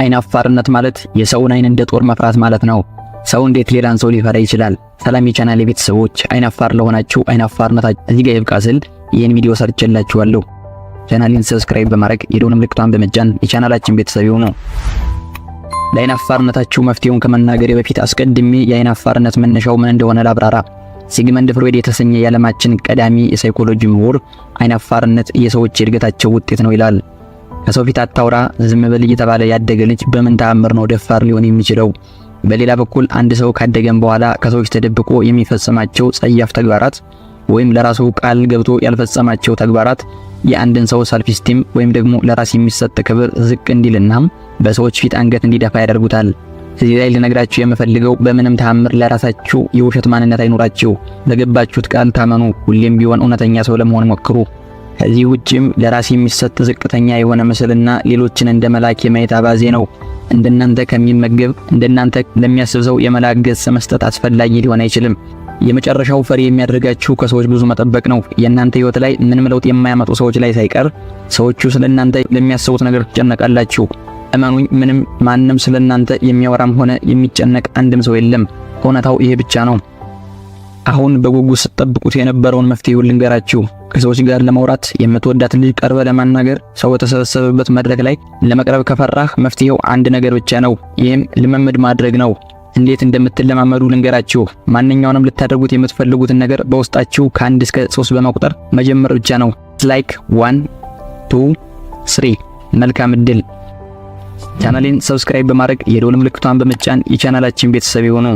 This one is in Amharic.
አይን አፋርነት ማለት የሰውን አይን እንደ ጦር መፍራት ማለት ነው። ሰው እንዴት ሌላን ሰው ሊፈራ ይችላል? ሰላም የቻናል የቤተሰቦች አይን አፋር ለሆናችሁ አይን አፋርነት እዚህ ጋር ይብቃ ስል ይህን ቪዲዮ ሰርቼላችኋለሁ። ቻናሌን ሰብስክራይብ በማድረግ የደወል ምልክቷን በመጫን የቻናላችን ቤተሰብ ይሁኑ። ለአይን አፋርነታችሁ መፍትሄውን ከመናገሬ በፊት አስቀድሜ የአይን አፋርነት መነሻው ምን እንደሆነ ላብራራ። ሲግመንድ ፍሮይድ የተሰኘ የዓለማችን ቀዳሚ የሳይኮሎጂ ምሁር አይን አፋርነት የሰዎች የእድገታቸው ውጤት ነው ይላል። ከሰው ፊት አታውራ ዝም በል እየተባለ ያደገ ልጅ በምን ተአምር ነው ደፋር ሊሆን የሚችለው? በሌላ በኩል አንድ ሰው ካደገም በኋላ ከሰዎች ተደብቆ የሚፈጽማቸው ጸያፍ ተግባራት ወይም ለራሱ ቃል ገብቶ ያልፈጸማቸው ተግባራት የአንድን ሰው ሰልፍ ስቲም ወይም ደግሞ ለራስ የሚሰጥ ክብር ዝቅ እንዲልና በሰዎች ፊት አንገት እንዲደፋ ያደርጉታል። እዚህ ላይ ልነግራችሁ የምፈልገው በምንም ተአምር ለራሳችሁ የውሸት ማንነት አይኖራችሁ። በገባችሁት ቃል ታመኑ። ሁሌም ቢሆን እውነተኛ ሰው ለመሆን ሞክሩ። ከዚህ ውጪም ለራስ የሚሰጥ ዝቅተኛ የሆነ ምስልና ሌሎችን እንደ መላክ የማየት አባዜ ነው። እንደናንተ ከሚመገብ እንደናንተ ለሚያስብ ሰው የመላክ ገጽ መስጠት አስፈላጊ ሊሆን አይችልም። የመጨረሻው ፈሪ የሚያደርጋችሁ ከሰዎች ብዙ መጠበቅ ነው። የእናንተ ህይወት ላይ ምንም ለውጥ የማያመጡ ሰዎች ላይ ሳይቀር ሰዎቹ ስለናንተ ለሚያስቡት ነገር ትጨነቃላችሁ። እመኑኝ፣ ምንም ማንም ስለናንተ የሚያወራም ሆነ የሚጨነቅ አንድም ሰው የለም። እውነታው ይሄ ብቻ ነው። አሁን በጉጉት ስትጠብቁት የነበረውን መፍትሄ ልንገራችሁ። ከሰዎች ጋር ለማውራት የምትወዳትን ልጅ ቀርበ ለማናገር ሰው በተሰበሰበበት መድረክ ላይ ለመቅረብ ከፈራህ መፍትሄው አንድ ነገር ብቻ ነው። ይህም ልምምድ ማድረግ ነው። እንዴት እንደምትለማመዱ ልንገራችሁ። ማንኛውንም ልታደርጉት የምትፈልጉትን ነገር በውስጣችሁ ከአንድ እስከ ሶስት በመቁጠር መጀመር ብቻ ነው። ላይክ ዋን ቱ ስሪ። መልካም እድል። ቻናሌን ሰብስክራይብ በማድረግ የደወል ምልክቷን በመጫን የቻናላችን ቤተሰብ ይሆኑ።